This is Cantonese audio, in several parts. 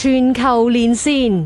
全球連線，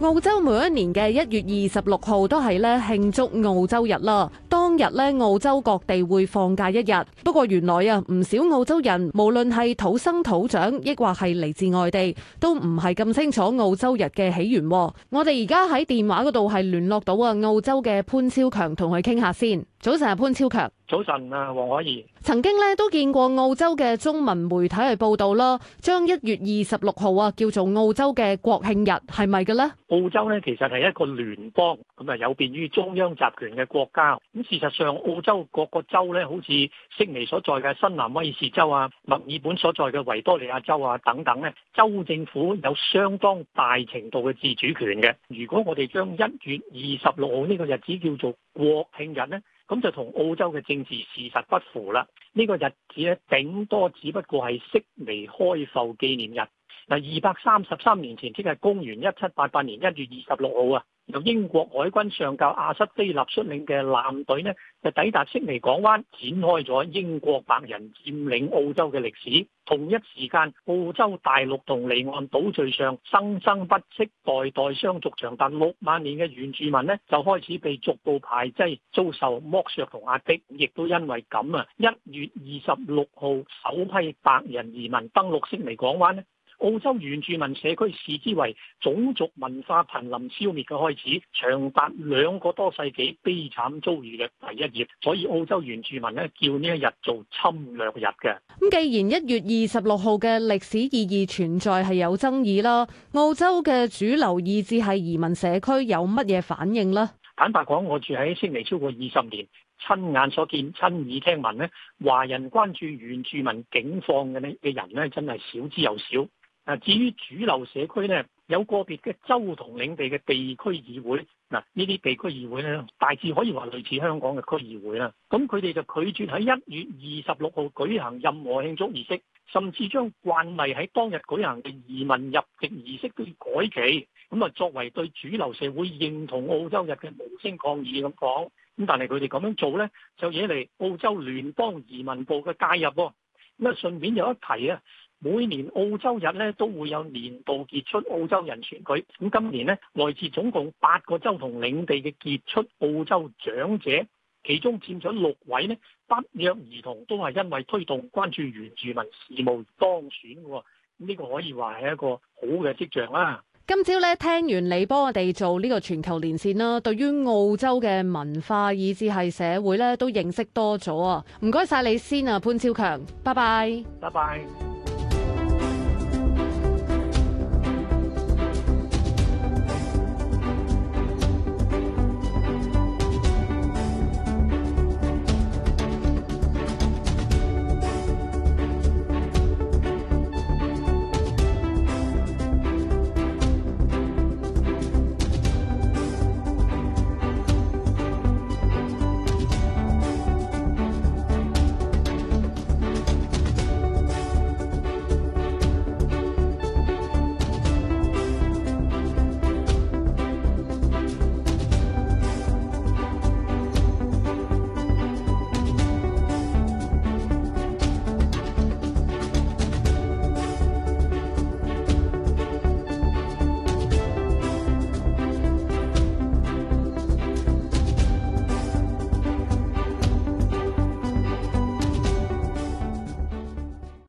澳洲每一年嘅一月二十六號都係咧慶祝澳洲日啦。當日咧，澳洲各地會放假一日。不過原來啊，唔少澳洲人，無論係土生土長，亦或係嚟自外地，都唔係咁清楚澳洲日嘅起源。我哋而家喺電話嗰度係聯絡到啊澳洲嘅潘昭強，同佢傾下先。早晨啊，潘昭強。早晨啊，黃凱宜。曾經咧都見過澳洲嘅中文媒體係報道啦，將一月二十六號啊叫做澳洲嘅國慶日，係咪嘅咧？澳洲咧其實係一個聯邦，咁啊有別於中央集權嘅國家。事實上，澳洲各個州咧，好似悉尼所在嘅新南威爾士州啊，墨爾本所在嘅維多利亞州啊等等咧，州政府有相當大程度嘅自主權嘅。如果我哋將一月二十六號呢個日子叫做國慶日咧，咁就同澳洲嘅政治事實不符啦。呢個日子咧，頂多只不過係悉尼開埠紀念日。嗱，二百三十三年前，即係公元一七八八年一月二十六號啊。由英國海軍上校亞瑟菲納率領嘅艦隊呢，就抵達悉尼港灣，展開咗英國白人佔領澳洲嘅歷史。同一時間，澳洲大陸同離岸島嶼上生生不息、代代相續長達六萬年嘅原住民呢，就開始被逐步排擠，遭受剝削同壓迫，亦都因為咁啊，一月二十六號，首批白人移民登陸悉尼港灣呢。澳洲原住民社區視之為種族文化瀕臨消滅嘅開始，長達兩個多世紀悲慘遭遇嘅第一頁，所以澳洲原住民咧叫呢一日做侵略日嘅。咁既然一月二十六號嘅歷史意義存在係有爭議啦，澳洲嘅主流意志係移民社區有乜嘢反應呢？坦白講，我住喺悉尼超過二十年，親眼所見、親耳聽聞咧，華人關注原住民境況嘅咧嘅人咧，真係少之又少。至於主流社區呢，有個別嘅州同領地嘅地區議會，嗱呢啲地區議會呢，大致可以話類似香港嘅區議會啦。咁佢哋就拒絕喺一月二十六號舉行任何慶祝儀式，甚至將慣例喺當日舉行嘅移民入籍儀式都要改期。咁啊，作為對主流社會認同澳洲日嘅無聲抗議咁講。咁但係佢哋咁樣做呢，就惹嚟澳洲聯邦移民部嘅介入。咁啊，順便有一提啊！每年澳洲日咧都會有年度傑出澳洲人選舉。咁今年呢，來自總共八個州同領地嘅傑出澳洲長者，其中佔咗六位呢，不約而同都係因為推動關注原住民事務當選嘅，咁呢個可以話，係一個好嘅跡象啦。今朝咧聽完你幫我哋做呢個全球連綫啦，對於澳洲嘅文化以至係社會咧都認識多咗啊！唔該晒，你先啊，潘昭強，拜拜，拜拜。